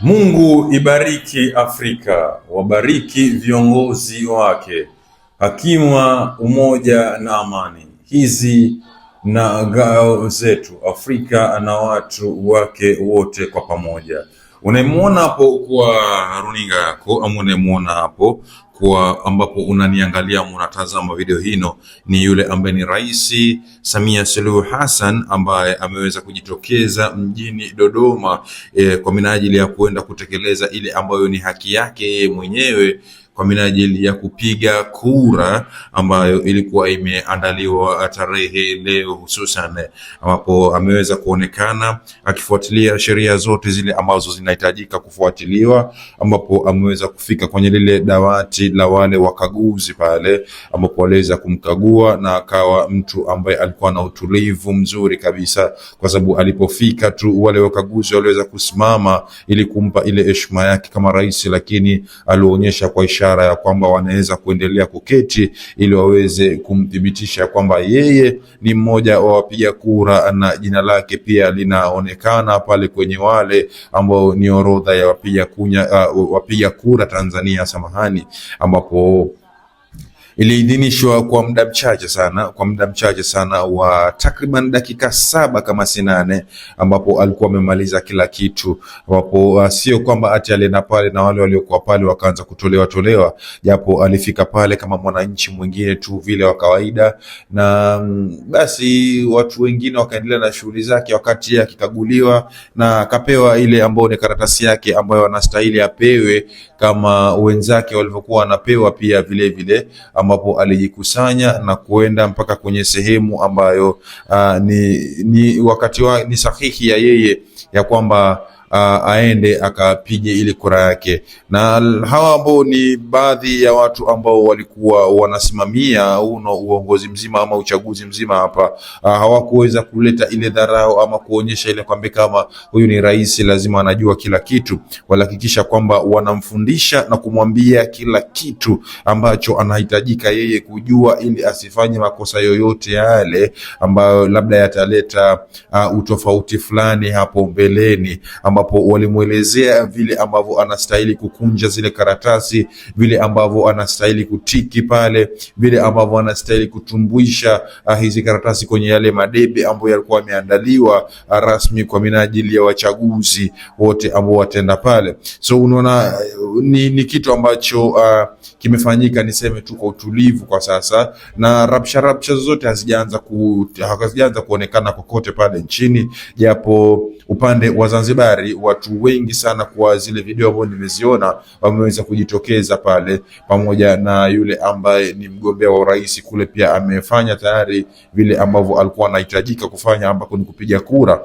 Mungu ibariki Afrika, wabariki viongozi wake, hakima, umoja na amani. Hizi na ngao zetu Afrika na watu wake wote kwa pamoja unayemuona hapo kwa runinga yako ama unayemuona hapo kwa ambapo unaniangalia unatazama video hino ni yule ambaye ni Rais Samia Suluhu Hassan ambaye ameweza kujitokeza mjini Dodoma eh, kwa minajili ya kuenda kutekeleza ile ambayo ni haki yake mwenyewe kwa minajili ya kupiga kura ambayo ilikuwa imeandaliwa tarehe leo hususan, ambapo ameweza kuonekana akifuatilia sheria zote zile ambazo zinahitajika kufuatiliwa, ambapo ameweza kufika kwenye lile dawati la wale wakaguzi pale, ambapo waliweza kumkagua na akawa mtu ambaye alikuwa na utulivu mzuri kabisa, kwa sababu alipofika tu wale wakaguzi waliweza kusimama ili kumpa ile heshima yake kama rais, lakini alionyesha kwa ishara ishara ya kwamba wanaweza kuendelea kuketi ili waweze kumthibitisha kwamba yeye ni mmoja wa wapiga kura na jina lake pia linaonekana pale kwenye wale ambao ni orodha ya wapiga kunya, uh, wapiga kura Tanzania, samahani, ambapo iliidhinishwa kwa muda mchache sana kwa muda mchache sana wa takriban dakika saba kama si nane, ambapo alikuwa amemaliza kila kitu, ambapo uh, sio kwamba ati alienda pale na wale waliokuwa pale wakaanza kutolewa tolewa, japo alifika pale kama mwananchi mwingine tu vile wa kawaida, na mm, basi watu wengine wakaendelea na shughuli zake, wakati akikaguliwa na akapewa ile ambayo ni karatasi yake ambayo anastahili apewe kama wenzake walivyokuwa wanapewa pia vilevile vile, ambapo alijikusanya na kuenda mpaka kwenye sehemu ambayo uh, ni, ni wakati wa, ni sahihi ya yeye ya kwamba uh, aende akapige ile kura yake. Na hawa ambao ni baadhi ya watu ambao walikuwa wanasimamia uno uongozi mzima ama uchaguzi mzima hapa, uh, hawakuweza kuleta ile dharau ama kuonyesha ile kwamba kama huyu ni rais lazima anajua kila kitu. Walihakikisha kwamba wanamfundisha na kumwambia kila kitu ambacho anahitajika yeye kujua ili asifanye makosa yoyote yale ambayo labda yataleta uh, utofauti fulani hapo mbeleni amba ambapo walimwelezea vile ambavyo anastahili kukunja zile karatasi, vile ambavyo anastahili kutiki pale, vile ambavyo anastahili kutumbuisha uh, hizi karatasi kwenye yale madebe ambayo yalikuwa yameandaliwa uh, rasmi kwa minajili ya wachaguzi wote ambao watenda pale. So unaona eh, ni, ni kitu ambacho uh, kimefanyika, niseme tu kwa utulivu kwa sasa, na rapsha rapsha zozote hazijaanza ku, hazijaanza kuonekana kokote pale nchini, japo upande wa Zanzibari tayari watu wengi sana kwa zile video ambazo nimeziona wameweza kujitokeza pale, pamoja na yule ambaye ni mgombea wa urais kule, pia amefanya tayari vile ambavyo alikuwa anahitajika kufanya, ambako ni kupiga kura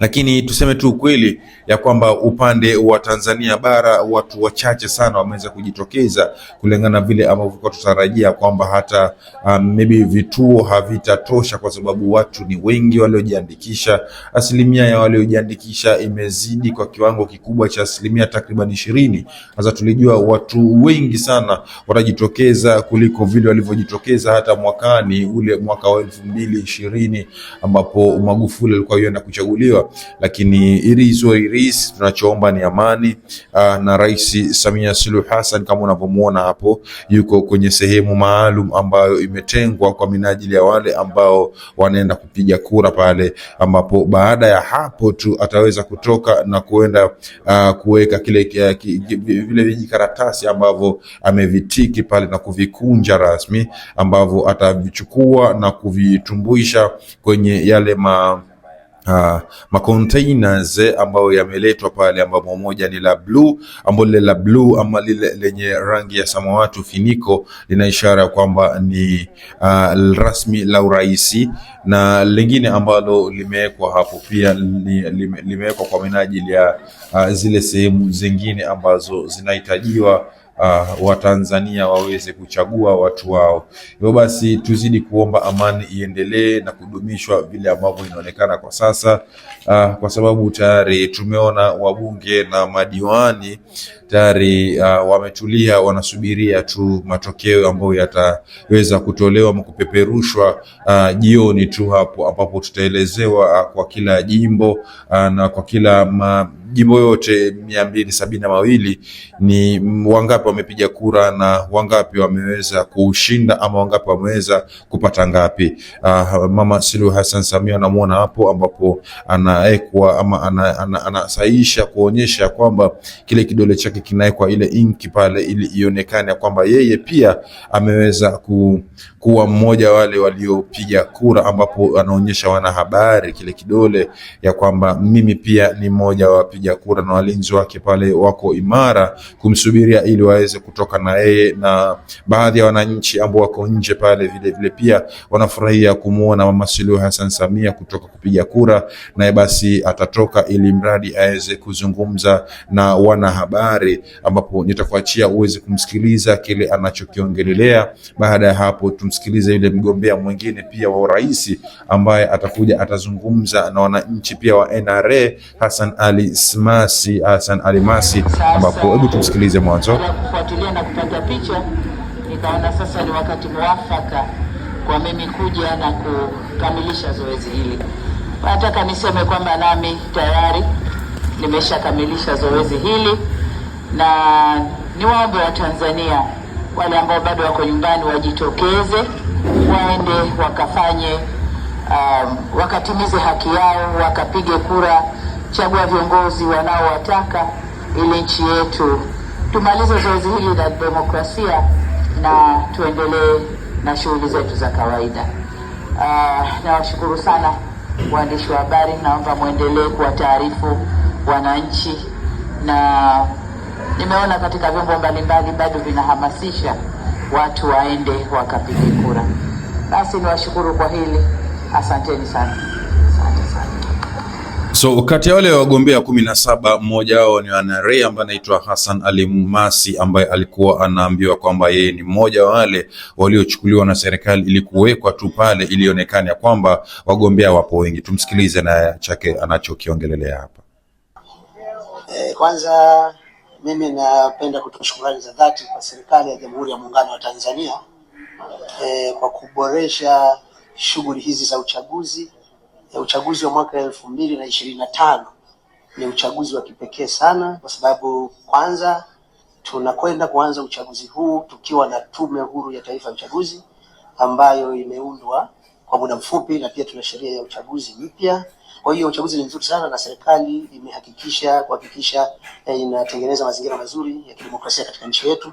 lakini tuseme tu ukweli ya kwamba upande wa Tanzania bara watu wachache sana wameweza kujitokeza kulingana na vile ambavyo kwa tutarajia kwamba hata um, maybe vituo havitatosha kwa sababu watu ni wengi waliojiandikisha. Asilimia ya waliojiandikisha imezidi kwa kiwango kikubwa cha asilimia takriban ishirini. Sasa tulijua watu wengi sana watajitokeza kuliko vile walivyojitokeza hata mwakani ule mwaka wa elfu mbili ishirini ambapo Magufuli alikuwa yuenda kuchaguliwa lakini ili zuri tunachoomba ni amani uh, na Rais Samia Suluhu Hassan kama unavyomuona hapo, yuko kwenye sehemu maalum ambayo imetengwa kwa minajili ya wale ambao wanaenda kupiga kura pale, ambapo baada ya hapo tu ataweza kutoka na kuenda uh, kuweka kile uh, vile vijikaratasi ambavyo amevitiki pale na kuvikunja rasmi ambavyo atavichukua na kuvitumbuisha kwenye yale ma Uh, macontainers eh, ambayo yameletwa pale ambapo moja ni la bluu ambalo lile la bluu ama lile lenye rangi ya samawati finiko lina ishara kwamba ni uh, rasmi la uraisi, na lingine ambalo limewekwa hapo pia limewekwa kwa minajili ya uh, zile sehemu zingine ambazo zinahitajiwa uh, Watanzania waweze kuchagua watu wao. Hivyo basi tuzidi kuomba amani iendelee na kudumishwa vile ambavyo inaonekana kwa sasa uh, kwa sababu tayari tumeona wabunge na madiwani tayari uh, wametulia, wanasubiria tu matokeo ambayo yataweza kutolewa ama kupeperushwa uh, jioni tu hapo, ambapo tutaelezewa uh, kwa kila jimbo uh, na kwa kila ma jimbo yote mia mbili sabini na mawili ni wangapi wamepiga kura na wangapi wameweza kushinda ama wangapi wameweza kupata ngapi. Uh, Mama Suluhu Hassan Samia anamuona hapo ambapo ana anaekwa ama anasaisha ana, ana, kuonyesha kwamba kile kidole chake kinawekwa ile inki pale, ili ionekane kwamba yeye pia ameweza ku, kuwa mmoja wale waliopiga kura, ambapo anaonyesha wanahabari kile kidole ya kwamba mimi pia ni mmoja wa wapiga kura, na walinzi wake pale wako imara kumsubiria ili waweze kutoka na yeye, na baadhi ya wananchi ambao wako nje pale vile pia wanafurahia kumwona Mama Suluhu Hassan Samia kutoka kupiga kura na basi atatoka ili mradi aweze kuzungumza na wanahabari, ambapo nitakuachia uweze kumsikiliza kile anachokiongelelea. Baada ya hapo, tumsikilize yule mgombea mwingine pia wa urais ambaye atakuja atazungumza na wananchi pia wa NRA Hassan Ali Smasi, Hassan Ali Masi, ambapo hebu tumsikilize mwanzo. Kufuatilia na kupata picha, nikaona sasa ni wakati mwafaka kwa mimi kuja na kukamilisha zoezi hili. Nataka niseme kwamba nami tayari nimeshakamilisha zoezi hili, na niwaombe Watanzania wale ambao bado wako nyumbani wajitokeze, waende wakafanye um, wakatimize haki yao, wakapige kura, chagua viongozi wanaowataka ili nchi yetu tumalize zoezi hili la demokrasia na tuendelee na shughuli zetu za kawaida. Uh, nawashukuru sana. Waandishi wa habari, naomba mwendelee kuwataarifu wananchi, na nimeona katika vyombo mbalimbali bado vinahamasisha watu waende wakapige kura. Basi niwashukuru kwa hili, asanteni sana. So kati ya wale wagombea kumi na saba mmoja wao ni wanarei ambaye anaitwa Hassan Ali Mumasi ambaye alikuwa anaambiwa kwamba yeye ni mmoja wale waliochukuliwa na serikali ili kuwekwa tu pale ili ya kwamba wagombea wapo wengi. Tumsikilize na chake anachokiongelelea hapa. Eh, kwanza mimi napenda kutoa shukrani za dhati kwa serikali ya Jamhuri ya Muungano wa Tanzania eh, kwa kuboresha shughuli hizi za uchaguzi ya uchaguzi wa mwaka elfu mbili na ishirini na tano ni uchaguzi wa kipekee sana, kwa sababu kwanza tunakwenda kuanza uchaguzi huu tukiwa na Tume Huru ya Taifa ya Uchaguzi ambayo imeundwa kwa muda mfupi, na pia tuna sheria ya uchaguzi mpya. Kwa hiyo uchaguzi ni mzuri sana, na serikali imehakikisha kuhakikisha eh, inatengeneza mazingira mazuri ya kidemokrasia katika nchi yetu.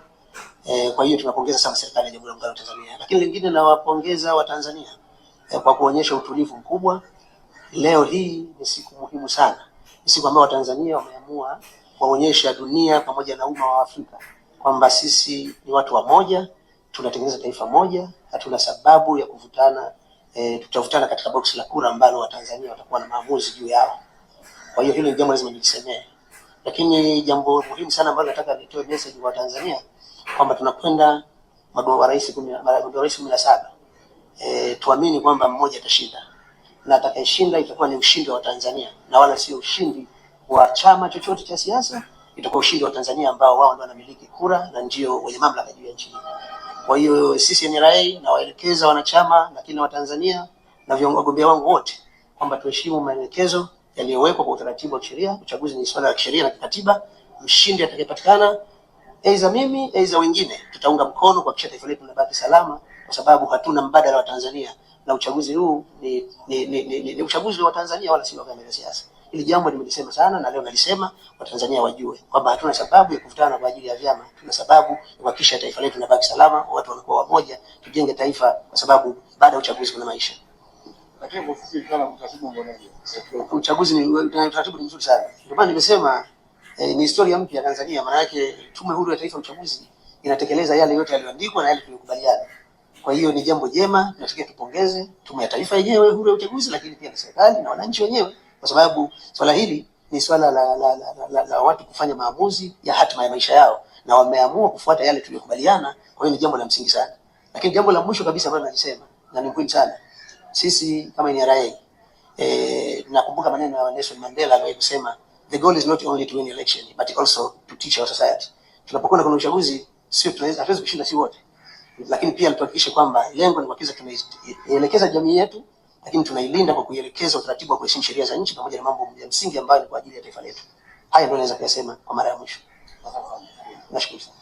Eh, kwa hiyo tunapongeza sana serikali ya Jamhuri ya Muungano wa Tanzania, lakini lingine nawapongeza Watanzania eh, kwa kuonyesha utulivu mkubwa Leo hii ni siku muhimu sana, ni siku ambayo Watanzania wameamua waonyesha dunia pamoja na umma wa Afrika kwamba sisi ni watu wa moja, tunatengeneza taifa moja, hatuna sababu ya kuvutana. E, tutavutana katika boksi la kura ambalo Watanzania watakuwa na maamuzi juu yao. Kwa hiyo hilo ni jambo lazima nilisemee, lakini jambo muhimu sana ambalo nataka nitoe message kwa Watanzania kwamba tunakwenda magombea wa rais kumi na saba. E, tuamini kwamba mmoja atashinda na atakayeshinda itakuwa ni ushindi wa Tanzania na wala sio ushindi wa chama chochote cha siasa. Itakuwa ushindi wa Tanzania ambao wao ndio wanamiliki kura na ndio wenye mamlaka juu ya nchi. Kwa hiyo sisi NRA na waelekeza wanachama lakini na Watanzania na wagombea wangu wote kwamba tuheshimu maelekezo yaliyowekwa kwa utaratibu wa kisheria. Uchaguzi ni swala la kisheria na kikatiba. Mshindi atakayepatikana aidha mimi aidha wengine, tutaunga mkono kuhakikisha taifa letu linabaki salama, kwa sababu hatuna mbadala wa Tanzania na uchaguzi huu ni, ni, ni, ni, ni, ni uchaguzi wa Tanzania wala si wa vyama vya siasa. Ili jambo nimelisema sana na leo nalisema kwa Tanzania wajue kwamba hatuna sababu ya kuvutana kwa ajili ya vyama. Tuna sababu ya kuhakikisha taifa letu linabaki salama, watu wanakuwa wamoja, tujenge taifa, kwa sababu baada ya uchaguzi kuna maisha. Uchaguzi ni utaratibu ni mzuri sana, ndio maana nimesema eh, ni historia mpya ya Tanzania. Maana yake Tume Huru ya Taifa ya Uchaguzi inatekeleza yale yote yaliyoandikwa na yale tuliyokubaliana. Kwa hiyo ni jambo jema, tunatakiwa tupongeze tume ya taifa yenyewe huru ya uchaguzi, lakini pia na serikali na wananchi wenyewe, kwa sababu swala hili ni swala la, la, la, la, la, la watu kufanya maamuzi ya hatima ya maisha yao, na wameamua kufuata yale tuliyokubaliana. Kwa hiyo ni jambo la msingi sana, lakini jambo la mwisho kabisa ambalo nalisema na ni muhimu sana, sisi kama NRA eh, tunakumbuka maneno ya Nelson Mandela aliwahi kusema the goal is not only to win election but also to teach our society. Tunapokwenda kwenye uchaguzi, sio tunaweza hatuwezi kushinda si wote lakini pia tuhakikishe kwamba lengo ni kuhakikisha tunaielekeza jamii yetu, lakini tunailinda kwa kuielekeza utaratibu wa kuheshimu sheria za nchi pamoja na mambo ya msingi ambayo ni kwa ajili ya taifa letu. Haya ndio naweza kuyasema kwa mara ya mwisho. Nashukuru sana.